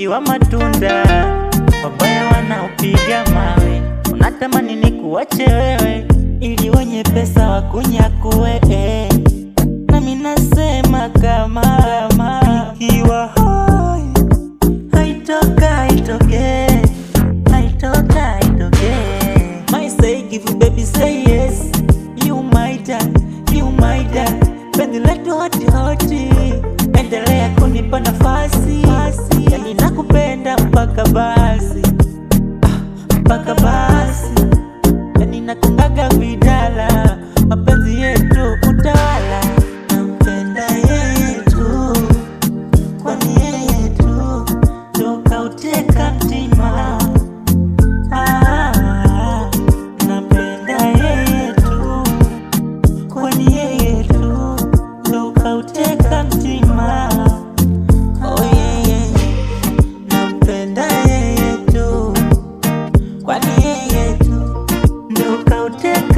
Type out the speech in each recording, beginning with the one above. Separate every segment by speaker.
Speaker 1: mti wa matunda, wabaya wanaopiga mawe, unatamani ni kuwache wewe ili wenye pesa wakunyakue. Nami nasema kama mama ikiwa hoi haitoka itoke, haitoka itoke. My say give you baby say yes, you my dad, you my dad, penzi letu hoti hoti, endelea kunipa nafasi yani nakupenda mpaka basi, ah, mpaka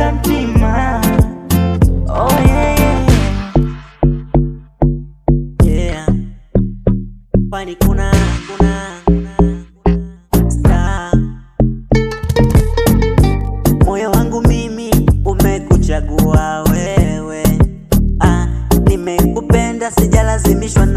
Speaker 1: utampima. Oh yeah, yeah. Yeah. kuna moyo wangu mimi umekuchagua wewe. Ah, nimekupenda sijalazimishwa